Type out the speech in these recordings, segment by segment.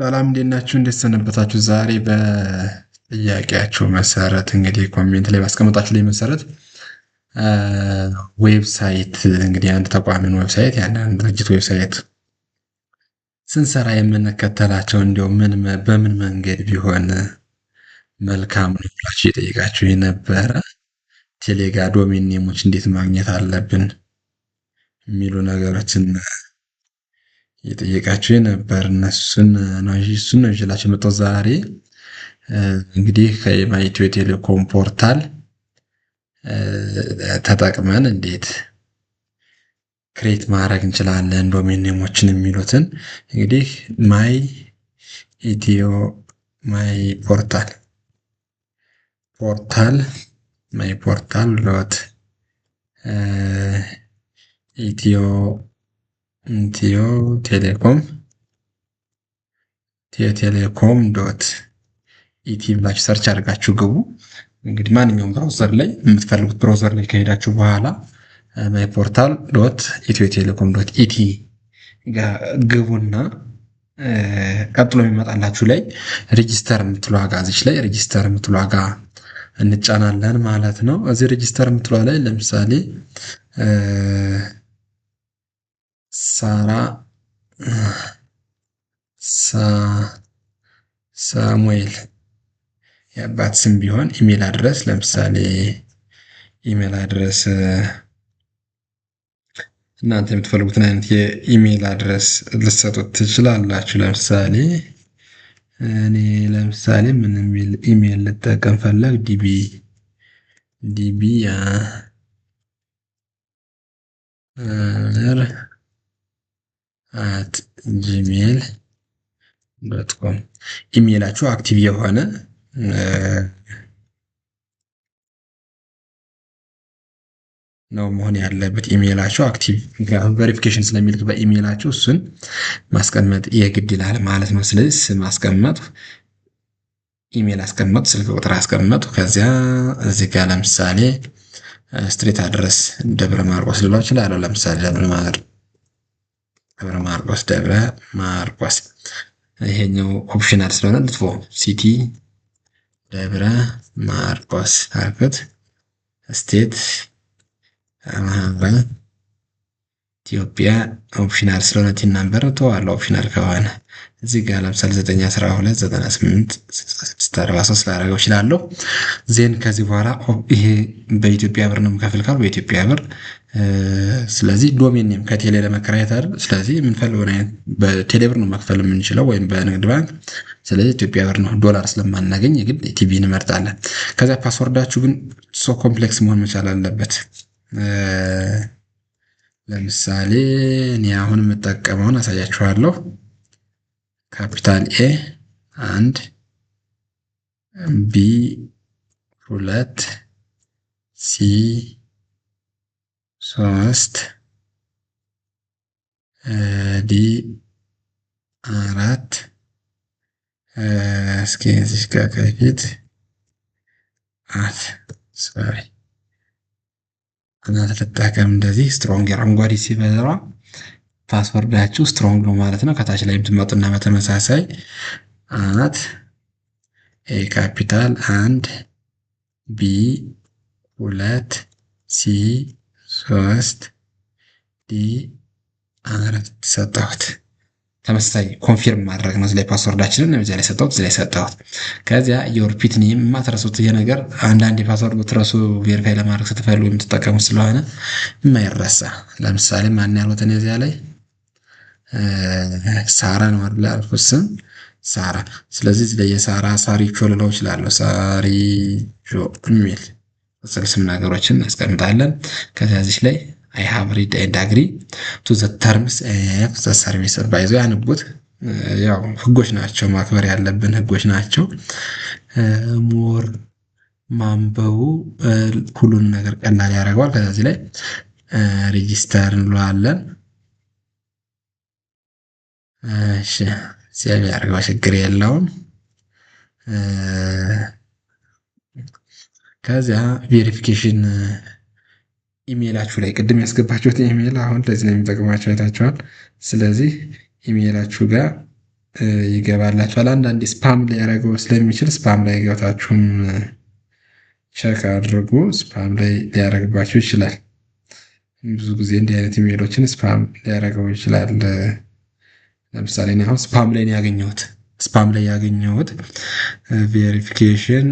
ሰላም እንዴት ናችሁ? እንዴት ሰነበታችሁ? ዛሬ በጥያቄያችሁ መሰረት እንግዲህ ኮሜንት ላይ ባስቀመጣችሁ ላይ መሰረት ዌብሳይት እንግዲህ አንድ ተቋምን ዌብሳይት ያን አንድ ድርጅት ዌብሳይት ስንሰራ የምንከተላቸው እንዲሁ ምን በምን መንገድ ቢሆን መልካም ነው ብላችሁ የጠየቃችሁ የነበረ ቴሌጋ ዶሜን ኔሞች እንዴት ማግኘት አለብን የሚሉ ነገሮችን እየጠየቃችሁ የነበር እነሱን ነው እሱን ነው ይችላችሁ የመጣሁት ዛሬ እንግዲህ ከኢትዮ ቴሌኮም ፖርታል ተጠቅመን እንዴት ክሬት ማድረግ እንችላለን ዶሜን ኔሞችን የሚሉትን እንግዲህ ማይ ኢትዮ ማይ ፖርታል ፖርታል ማይ ፖርታል ሎት ኢትዮ ኢትዮ ቴሌኮም ኢትዮ ቴሌኮም ዶት ኢቲ ብላችሁ ሰርች አድርጋችሁ ግቡ። እንግዲህ ማንኛውም ብራውዘር ላይ የምትፈልጉት ብራውዘር ላይ ከሄዳችሁ በኋላ ማይ ፖርታል ዶት ኢትዮ ቴሌኮም ዶት ኢቲ ግቡና ቀጥሎ የሚመጣላችሁ ላይ ሬጂስተር የምትለዋ ጋዜች ላይ ሬጂስተር የምትለዋ ጋ እንጫናለን ማለት ነው። እዚህ ሬጂስተር የምትለዋ ላይ ለምሳሌ ሳራ ሳ ሳሙኤል የአባት ስም ቢሆን ኢሜል አድረስ ለምሳሌ ኢሜል አድረስ እናንተ የምትፈልጉትን አይነት የኢሜል አድረስ ልትሰጡት ትችላላችሁ። ለምሳሌ እኔ ለምሳሌ ምን የሚል ኢሜል ልጠቀም ፈለግ ዲቢ ዲቢ ር አት ጂሜል ዶት ኮም ኢሜይላችሁ አክቲቭ የሆነ ነው መሆን ያለበት ኢሜይላችሁ አክቲቭ። ምክንያቱም ቬሪፊኬሽን ስለሚልክ በኢሜይላችሁ እሱን ማስቀመጥ የግድ ይላል ማለት ነው። ስለዚህ ስም አስቀመጡ፣ ኢሜይል አስቀመጡ፣ ስልክ ቁጥር አስቀመጡ። ከዚያ እዚህ ጋር ለምሳሌ ስትሪት አድረስ ደብረ ማርቆስ ልሏ እችላለሁ። ለምሳሌ ደብረ ማርቆስ ደብረ ማርቆስ ደብረ ማርቆስ ይሄኛው ኦፕሽናል ስለሆነ ልትፎ ሲቲ ደብረ ማርቆስ አልኩት። ስቴት አማራ ኢትዮጵያ ኦፕሽናል ስለሆነ ቲን ናምበር ተዋለው ኦፕሽናል ከሆነ እዚህ ጋር ለምሳሌ 91298 ላደረገው እችላለሁ። ዜን ከዚህ በኋላ ይሄ በኢትዮጵያ ብር ነው የምከፍል ካሉ በኢትዮጵያ ብር ስለዚህ ዶሜን ኔም ከቴሌ ለመከራየት አይደል? ስለዚህ የምንፈልገውን አይነት በቴሌ ብር ነው መክፈል የምንችለው ወይም በንግድ ባንክ። ስለዚህ ኢትዮጵያ ብር ነው። ዶላር ስለማናገኝ የግድ ቲቪ እንመርጣለን። ከዚያ ፓስወርዳችሁ ግን ሶ ኮምፕሌክስ መሆን መቻል አለበት። ለምሳሌ እኔ አሁን የምጠቀመውን አሳያችኋለሁ። ካፒታል ኤ አንድ ቢ ሁለት ሲ ሶስት ዲ አራት እስኪ እዚህ ጋር ከፊት አፍ ሶሪ እናንተ ልጠቀም እንደዚህ ስትሮንግ አረንጓዴ ሲበዛ ፓስወርዳችሁ ስትሮንግ ነው ማለት ነው። ከታች ላይ የምትመጡና በተመሳሳይ አት ኤ ካፒታል አንድ ቢ ሁለት ሲ ሶስት ዲ አራት ሰጠሁት። ተመሳሳይ ኮንፊርም ማድረግ ነው። እዚህ ፓስወርዳችንን እዚህ ላይ ሰጠሁት፣ እዚህ ላይ ሰጠሁት። ከዚያ የኦርፒት ኔም የማትረሱት ይሄ ነገር አንዳንድ የፓስወርድ ብትረሱ ቬሪፋይ ለማድረግ ስትፈልጉ የምትጠቀሙ ስለሆነ የማይረሳ ለምሳሌ ማን ያሉት እኔ እዚያ ላይ ሳራ ነው አይደል ያልኩት ስም ሳራ። ስለዚህ እዚህ ላይ የሳራ ሳሪቾ ልለው እችላለሁ። ሳሪቾ የሚል መሰል ስም ነገሮችን እናስቀምጣለን። ከዚያዚች ላይ አይ ሃቭ ሪድ ኤንድ አግሪ ቱ ዘ ተርምስ ኦፍ ዘ ሰርቪስ አድቫይዘር ያንቡት። ያው ህጎች ናቸው፣ ማክበር ያለብን ህጎች ናቸው። ሞር ማንበቡ ሁሉን ነገር ቀላል ያደርገዋል። ከዚያዚህ ላይ ሬጂስተር እንለዋለን። እሺ ሴቭ ያደርገው ችግር የለውም። ከዚያ ቬሪፊኬሽን ኢሜይላችሁ ላይ ቅድም ያስገባችሁት ኢሜይል አሁን ለዚህ ነው የሚጠቅማቸው አይታችኋል። ስለዚህ ኢሜይላችሁ ጋር ይገባላችኋል። አንዳንዴ ስፓም ሊያደርገው ስለሚችል ስፓም ላይ ገብታችሁም ቸክ አድርጉ። ስፓም ላይ ሊያደርግባችሁ ይችላል። ብዙ ጊዜ እንዲህ አይነት ኢሜይሎችን ስፓም ሊያደርገው ይችላል። ለምሳሌ አሁን ስፓም ላይ ነው ያገኘሁት። ስፓም ላይ ያገኘሁት ቬሪፊኬሽን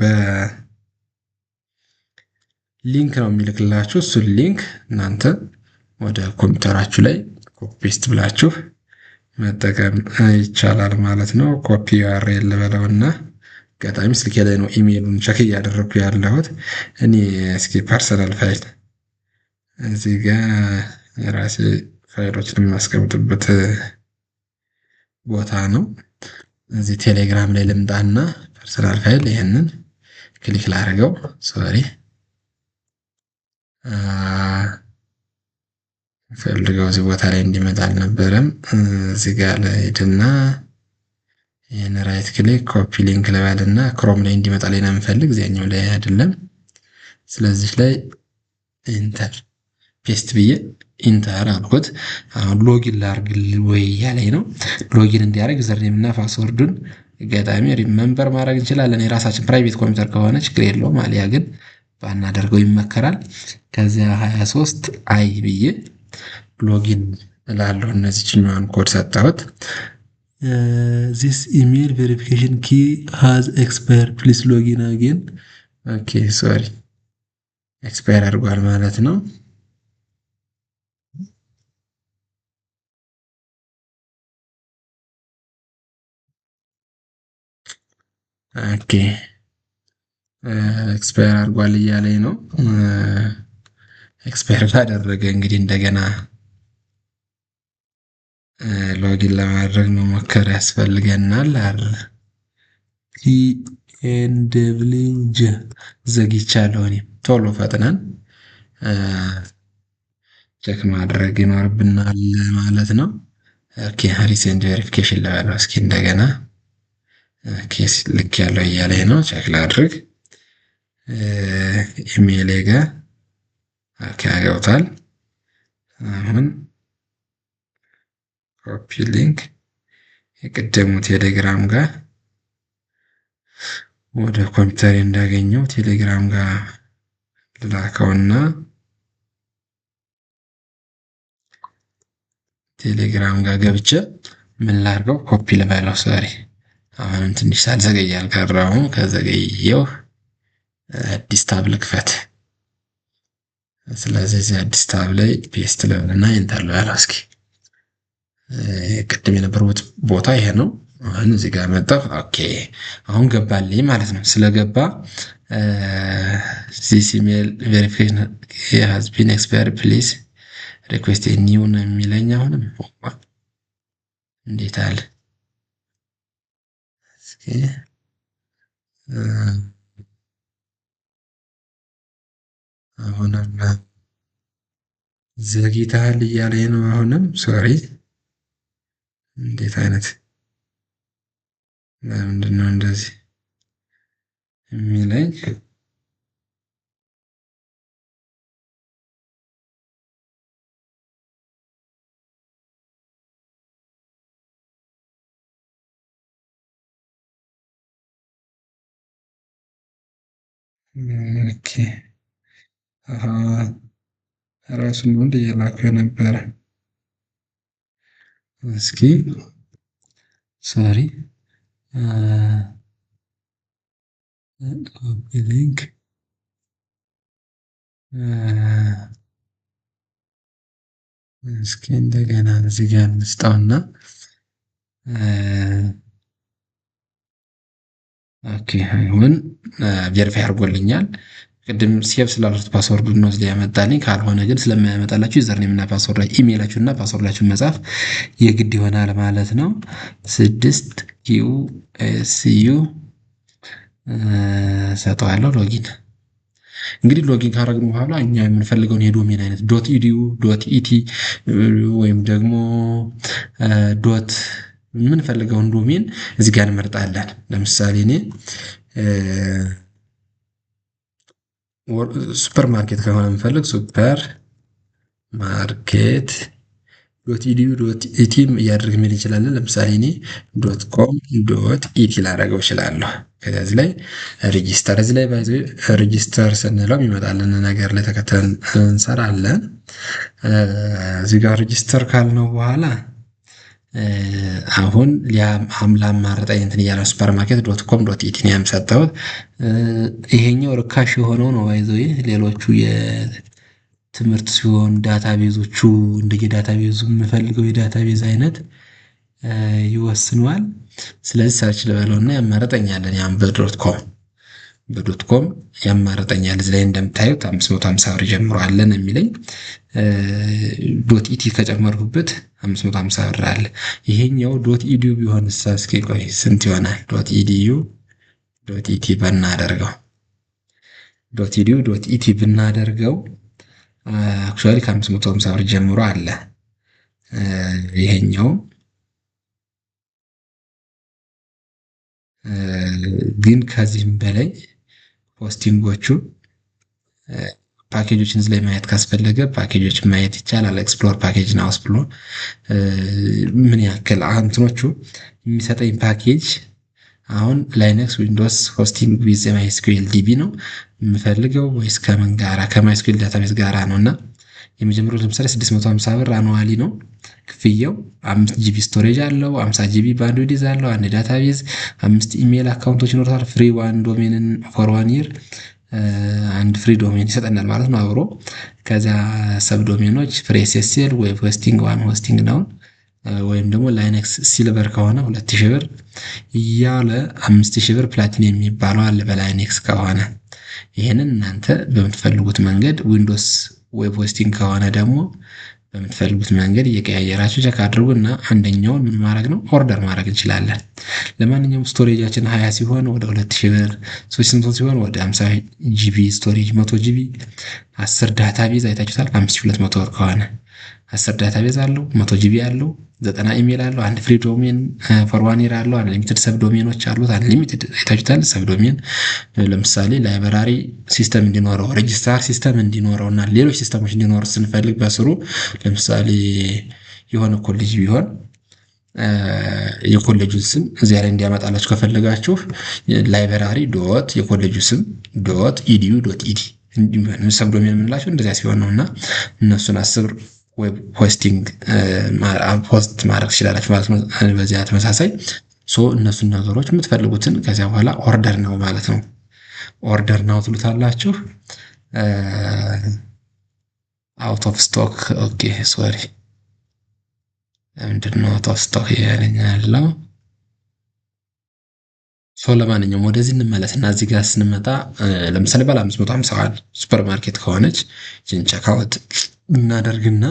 በሊንክ ነው የሚልክላችሁ። እሱን ሊንክ እናንተ ወደ ኮምፒውተራችሁ ላይ ኮፒስት ብላችሁ መጠቀም ይቻላል ማለት ነው። ኮፒ ዩአርኤል ልበለውና አጋጣሚ ስልኬ ላይ ነው ኢሜይሉን ቸክ እያደረግኩ ያለሁት እኔ። እስኪ ፐርሰናል ፋይል እዚህ ጋ የራሴ ፋይሎችን የሚያስቀምጥበት ቦታ ነው። እዚህ ቴሌግራም ላይ ልምጣና ቁጥር ፋይል ይህንን ክሊክ ላደርገው። ሶሪ ፈልገው እዚህ ቦታ ላይ እንዲመጣ አልነበረም። እዚህ ጋር ለሄድና ይህን ራይት ክሊክ ኮፒ ሊንክ ልበልና ክሮም ላይ እንዲመጣ ላይ ነው የምፈልግ፣ እዚያኛው ላይ አይደለም። ስለዚህ ላይ ኢንተር ፔስት ብዬ ኢንተር አልኩት። አሁን ሎጊን ላርግ ወይ ያለኝ ነው። ሎጊን እንዲያደርግ ዘርኔም እና ፓስወርዱን ገጣሚ ሪመምበር ማድረግ እንችላለን። የራሳችን ፕራይቬት ኮምፒውተር ከሆነ ችግር የለውም። አሊያ ግን ባናደርገው ይመከራል። ከዚያ 23 አይ ብዬ ሎጊን እላለሁ። እነዚህ ችኛዋን ኮድ ሰጠሁት። ዚስ ኢሜል ቬሪፊኬሽን ኪ ሃዝ ኤክስፓየር ፕሊስ ሎጊን አጌን። ኦኬ ሶሪ ኤክስፓየር አድርጓል ማለት ነው። ኦኬ ኤክስፓየር አድርጓል እያለኝ ነው። ኤክስፓየር ላደረገ እንግዲህ እንደገና ሎጊን ለማድረግ መሞከር ያስፈልገናል። አር ዘግቻለሁ። እኔም ቶሎ ፈጥነን ቼክ ማድረግ ይኖርብናል ማለት ነው። ኦኬ ቬሪፊኬሽን ለበለው እስኪ እንደገና ኬስ ልክ ያለው እያለኝ ነው። ቼክ ላድርግ። ኢሜይሌ ጋ አርካ ገብቷል። አሁን ኮፒ ሊንክ የቀደሙ ቴሌግራም ጋር ወደ ኮምፒውተር እንዳገኘው ቴሌግራም ጋር ልላከውና ቴሌግራም ጋር ገብቼ ምን ላርገው? ኮፒ ልበለው። ሰሪ አሁንም ትንሽ ሳልዘገይ አልቀረሁም። ከዘገየው አዲስ ታብ ልክፈት። ስለዚህ እዚህ አዲስ ታብ ላይ ፔስት ልበልና ኢንተር ልበል። እስኪ ቅድም የነበረበት ቦታ ይሄ ነው። አሁን እዚህ ጋር መጣሁ። ኦኬ አሁን ገባልኝ ማለት ነው። ስለገባ ዚስ ኢሜል ቬሪፊኬሽን ሃዝ ቢን ኤክስፓየርድ ፕሊዝ ሪኩዌስት ኒው ነው የሚለኝ። አሁንም እንዴት አለ አሁንም ዘግይተሃል እያለኝ ነው። አሁንም ሶሪ፣ እንዴት አይነት ለምንድን ነው እንደዚህ የሚለኝ? ራሱን ወንድ እየላከው ነበረ። እስኪ ሶሪ ሊንክ እስኪ እንደገና እዚህ ጋር እንስጠውና አሁን ቬሪፋይ አድርጎልኛል። ቅድም ሴቭ ስላሉት ፓስወርድ ወስደ ያመጣልኝ። ካልሆነ ግን ስለማያመጣላችሁ ዩዘርኔም እና ፓስወርድ ኢሜይላችሁ እና ፓስወርዳችሁን መጻፍ የግድ ይሆናል ማለት ነው። ስድስት ኪዩ ኤስዩ ሰጠዋለሁ። ሎጊን እንግዲህ ሎጊን ካረግን በኋላ እኛ የምንፈልገውን የዶሜን አይነት ዶት ኢዲዩ ዶት ኢቲ ወይም ደግሞ ዶት የምንፈልገውን ዶሜን እዚህ ጋር እንመርጣለን። ለምሳሌ እኔ ሱፐር ማርኬት ከሆነ የምፈልግ ሱፐር ማርኬት ዶት ኢዲዩ ዶት ኢቲም እያደርግ ሚል እንችላለን። ለምሳሌ እኔ ዶት ኮም ዶት ኢቲ ላደረገው እችላለሁ። ከዚያ ላይ ሬጂስተር እዚህ ላይ ሬጂስተር ስንለው የሚመጣልን ነገር ላይ ተከተል እንሰራለን። እዚህ ጋር ሬጂስተር ካልነው በኋላ አሁን አምላማረጠኝ እንትን እያለ ሱፐርማርኬት ዶት ኮም ዶት ኢቲ ነው የምሰጠሁት። ይሄኛው ርካሽ የሆነው ነው ይዘው ሌሎቹ የትምህርት ሲሆን ዳታ ቤዞቹ እንደ የዳታ ቤዙ የምፈልገው የዳታ ቤዝ አይነት ይወስነዋል። ስለዚህ ሰርች ልበለውና ያመረጠኛለን የአንብብ ዶት ኮም በዶትኮም ያማረጠኛል። እዚህ ላይ እንደምታዩት 550 ብር ጀምሮ አለን የሚለኝ ዶት ኢቲ ከጨመርኩበት 550 ብር አለ። ይሄኛው ዶት ኢዲዩ ቢሆን እስኪ ቆይ ስንት ይሆናል? ዶት ኢዲዩ ዶት ኢቲ ብናደርገው ዶት ኢዲዩ ዶት ኢቲ ብናደርገው አክቹዋሊ ከ550 ብር ጀምሮ አለ። ይሄኛው ግን ከዚህም በላይ ፖስቲንጎቹ ፓኬጆችን እዚህ ላይ ማየት ካስፈለገ ፓኬጆች ማየት ይቻላል። ኤክስፕሎር ፓኬጅ ናውስ ብሎ ምን ያክል አንትኖቹ የሚሰጠኝ ፓኬጅ አሁን ላይነክስ ዊንዶስ ሆስቲንግ ዊዝ ማይስኩል ዲቢ ነው የምፈልገው ወይስ ከምን ጋራ ከማይስኩል ዳታቤዝ ጋራ ነው እና የሚጀምረው ለምሳሌ 650 ብር አኑዋሊ ነው ክፍያው። አምስት ጂቢ ስቶሬጅ አለው፣ 50 ጂቢ ባንድዊድዝ አለው፣ አንድ ዳታቤዝ፣ አምስት ኢሜይል አካውንቶች ይኖርታል። ፍሪ ዋን ዶሜንን ፎር ዋን ይር አንድ ፍሪ ዶሜን ይሰጠናል ማለት ነው አብሮ። ከዚያ ሰብ ዶሜኖች ፍሪ ኤስኤስኤል፣ ዌብ ሆስቲንግ፣ ዋን ሆስቲንግ ነው ወይም ደግሞ ላይነክስ ሲልቨር ከሆነ 2000 ብር እያለ 5000 ብር ፕላቲን የሚባለው አለ በላይነክስ ከሆነ ይህንን እናንተ በምትፈልጉት መንገድ ዊንዶስ ዌብ ሆስቲንግ ከሆነ ደግሞ በምትፈልጉት መንገድ እየቀያየራችሁ ቸክ አድርጉ እና አንደኛውን ምን ማድረግ ነው ኦርደር ማድረግ እንችላለን። ለማንኛውም ስቶሬጃችን ሀያ ሲሆን ወደ ሁለት ሺ ብር፣ ሶስት ስምንት ሲሆን ወደ ሀምሳ ጂቢ ስቶሬጅ መቶ ጂቢ አስር ዳታ ቤዝ አይታችሁታል ከአምስት ሺ ሁለት መቶ ብር ከሆነ አስር ዳታ ቤዝ አለው፣ መቶ ጂቢ አለው፣ ዘጠና ኢሜል አለው፣ አንድ ፍሪ ዶሜን ፎርዋኔር አለው፣ አንሊሚትድ ሰብ ዶሜኖች አሉት። አንሊሚትድ አይታችሁታል። ሰብ ዶሜን ለምሳሌ ላይብራሪ ሲስተም እንዲኖረው ሬጅስትራር ሲስተም እንዲኖረው እና ሌሎች ሲስተሞች እንዲኖሩ ስንፈልግ በስሩ ለምሳሌ የሆነ ኮሌጅ ቢሆን የኮሌጁን ስም እዚያ ላይ እንዲያመጣላችሁ ከፈለጋችሁ ላይብራሪ ዶት የኮሌጁ ስም ዶት ኢዲዩ ዶት ኢዲ ሰብ ዶሜን የምንላቸው እንደዚያ ሲሆን ነው እና እነሱን አስር ዌብ ሆስቲንግ ሆስት ማድረግ ትችላላችሁ ማለት ነው። በዚያ ተመሳሳይ ሶ እነሱን ነገሮች የምትፈልጉትን ከዚያ በኋላ ኦርደር ነው ማለት ነው። ኦርደር ነው ትሉታላችሁ። አውት ኦፍ ስቶክ ኦኬ፣ ሶሪ ምንድነው አውት ኦፍ ስቶክ ያለኝ ያለው ሶ ለማንኛውም ወደዚህ እንመለስ እና እዚህ ጋር ስንመጣ ለምሳሌ ባለ 551 ሱፐር ማርኬት ከሆነች ይህን ቸካውት እናደርግና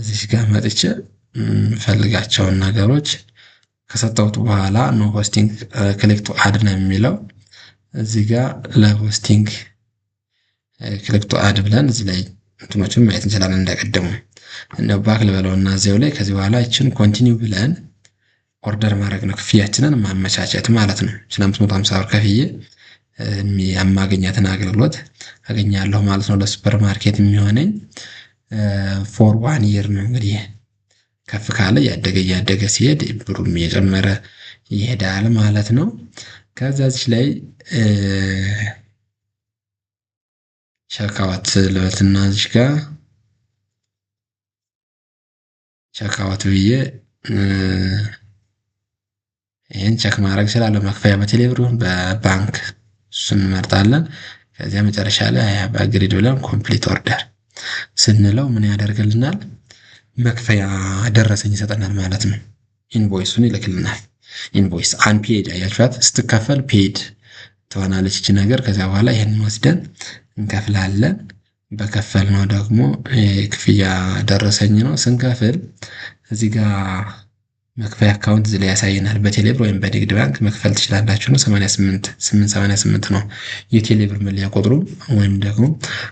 እዚህ ጋር መጥቼ የምፈልጋቸውን ነገሮች ከሰጠሁት በኋላ ኖ ሆስቲንግ ክሊክቱ አድ ነው የሚለው። እዚህ ጋር ለሆስቲንግ ክሊክቱ አድ ብለን እዚህ ላይ እንትኖችን ማየት እንችላለን። እንደቀደሙ ባክ ልበለውና እዚያው ላይ ከዚህ በኋላ ይችን ኮንቲኒው ብለን ኦርደር ማድረግ ነው፣ ክፍያችንን ማመቻቸት ማለት ነው። ስለ 550 ብር ከፍዬ የማገኛትን አገልግሎት አገኛለሁ ማለት ነው። ለሱፐር ማርኬት የሚሆነኝ ፎር ዋን ይር ነው። እንግዲህ ከፍ ካለ እያደገ እያደገ ሲሄድ ብሩም እየጨመረ ይሄዳል ማለት ነው። ከዛች ላይ ሸካዋት ልበትና እዚህ ጋር ሸካዋት ብዬ ይህን ቸክ ማድረግ እችላለሁ። መክፈያ በቴሌብር በባንክ እሱን እንመርጣለን። ከዚያ መጨረሻ ላይ በግሪድ ብለን ኮምፕሊት ኦርደር ስንለው ምን ያደርግልናል? መክፈያ ደረሰኝ ይሰጠናል ማለት ነው። ኢንቮይሱን ይልክልናል። ኢንቮይስ አንፔድ አያችኋት፣ ስትከፈል ፔድ ትሆናለች እቺ ነገር። ከዚያ በኋላ ይህንን ወስደን እንከፍላለን። በከፈል ነው ደግሞ ክፍያ ደረሰኝ ነው ስንከፍል እዚህ ጋር መክፈያ አካውንት እዚህ ላይ ያሳየናል። በቴሌብር ወይም በንግድ ባንክ መክፈል ትችላላችሁ ነው። 88 ነው የቴሌብር መለያ ቁጥሩ። ወይም ደግሞ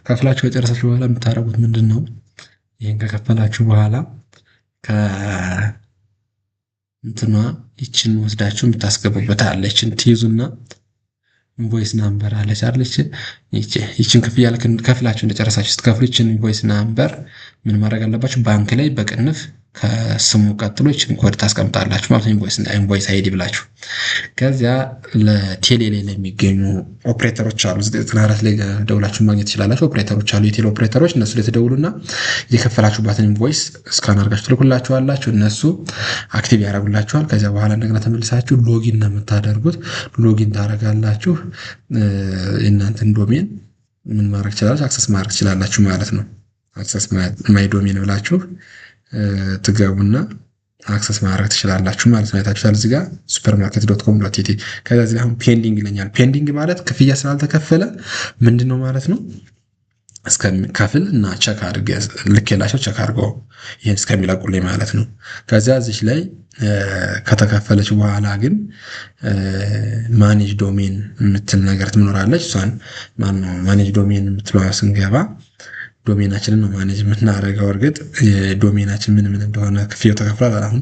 ከፍላችሁ ከጨረሳችሁ በኋላ የምታደርጉት ምንድን ነው? ይህን ከከፈላችሁ በኋላ ከእንትኗ ይችን ወስዳችሁ የምታስገቡበት አለችን ትይዙና ኢንቮይስ ናምበር አለች አለች። ይችን ክፍያ ከፍላችሁ እንደጨረሳችሁ ስትከፍሉ ይችን ኢንቮይስ ናምበር ምን ማድረግ አለባችሁ? ባንክ ላይ በቅንፍ ከስሙ ቀጥሎ ችን ኮድ ታስቀምጣላችሁ ማለት ኢንቮይስ ኢንቮይስ አይዲ ብላችሁ። ከዚያ ለቴሌ ላይ ለሚገኙ ኦፕሬተሮች አሉ፣ 94 ላይ ደውላችሁ ማግኘት ትችላላችሁ። ኦፕሬተሮች አሉ፣ የቴሌ ኦፕሬተሮች። እነሱ ላይ ትደውሉና የከፈላችሁባትን ኢንቮይስ እስካን አድርጋችሁ ትልኩላችኋላችሁ። እነሱ አክቲቭ ያደርጉላችኋል። ከዚያ በኋላ እንደገና ተመልሳችሁ ሎጊን ነው የምታደርጉት። ሎጊን ታደርጋላችሁ። የእናንተን ዶሜን ምን ማድረግ ትችላላችሁ? አክሰስ ማድረግ ትችላላችሁ ማለት ነው። አክሰስ ማይ ዶሜን ብላችሁ ትገቡና አክሰስ ማድረግ ትችላላችሁ ማለት ነው። አይታችሁታል። እዚህ ጋር ሱፐርማርኬት ዶት ኮም ዶት ኢቲ ከዛ እዚህ አሁን ፔንዲንግ ይለኛል። ፔንዲንግ ማለት ክፍያ ስላልተከፈለ ምንድን ነው ማለት ነው እስከሚከፍል እና ቸክ አድርገ ልኬላቸው ቸክ አድርገው ይህን እስከሚለቁልኝ ማለት ነው። ከዚያ እዚህ ላይ ከተከፈለች በኋላ ግን ማኔጅ ዶሜን የምትል ነገር ትኖራለች። እሷን ማኔጅ ዶሜን የምትለዋ ስንገባ ዶሜናችንን ነው ማኔጅ የምናደርገው። እርግጥ ዶሜናችን ምን ምን እንደሆነ ክፍያው ተከፍሏል። አሁን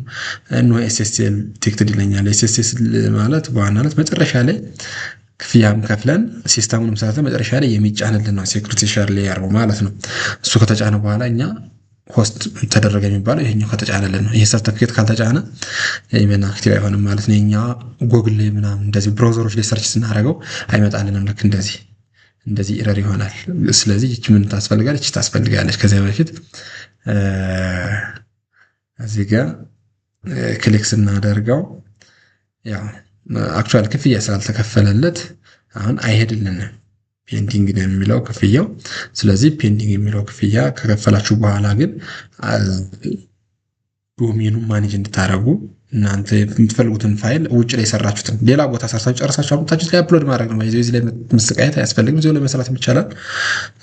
እኖ ኤስኤስኤል ቴክትድ ይለኛል። ኤስኤስኤል ማለት በዋናነት መጨረሻ ላይ ክፍያም ከፍለን ሲስተሙን ምሳተ መጨረሻ ላይ የሚጫንልን ነው ሴኩሪቲ ሸር ሌየር ማለት ነው። እሱ ከተጫነ በኋላ እኛ ሆስት ተደረገ የሚባለው ይሄኛው ከተጫነልን ነው። ይሄ ሰርተፊኬት ካልተጫነ ኢሜልና አክቲቭ አይሆንም ማለት ነው። የኛ ጎግል ላይ ምናምን እንደዚህ ብሮዘሮች ላይ ሰርች ስናደርገው አይመጣልንም ልክ እንደዚህ እንደዚህ ኢረር ይሆናል። ስለዚህ ይች ምን ታስፈልጋለች? ታስፈልጋለች። ከዚያ በፊት እዚህ ጋር ክሊክ ስናደርገው ያው አክቹዋል ክፍያ ስላልተከፈለለት አሁን አይሄድልንም። ፔንዲንግ ነው የሚለው ክፍያው። ስለዚህ ፔንዲንግ የሚለው ክፍያ ከከፈላችሁ በኋላ ግን ዶሜኑን ማኔጅ እንድታደረጉ እናንተ የምትፈልጉትን ፋይል ውጭ ላይ የሰራችሁትን ሌላ ቦታ ሰርታችሁ ጨርሳችሁ አምጥታችሁ ላይ አፕሎድ ማድረግ ነው። እዚህ ላይ መሰቃየት አያስፈልግም። እዚሁ ላይ መስራት ይቻላል።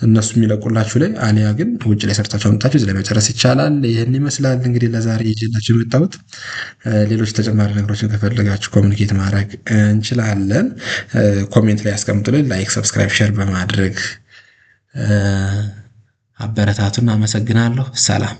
እነሱ የሚለቁላችሁ ላይ አሊያ ግን ውጭ ላይ ሰርታችሁ አምጥታችሁ እዚህ ላይ መጨረስ ይቻላል። ይህን ይመስላል እንግዲህ ለዛሬ ይዤላችሁ የመጣሁት። ሌሎች ተጨማሪ ነገሮችን ከፈለጋችሁ ኮሚኒኬት ማድረግ እንችላለን። ኮሜንት ላይ ያስቀምጡልን። ላይክ፣ ሰብስክራይብ፣ ሼር በማድረግ አበረታቱን። አመሰግናለሁ። ሰላም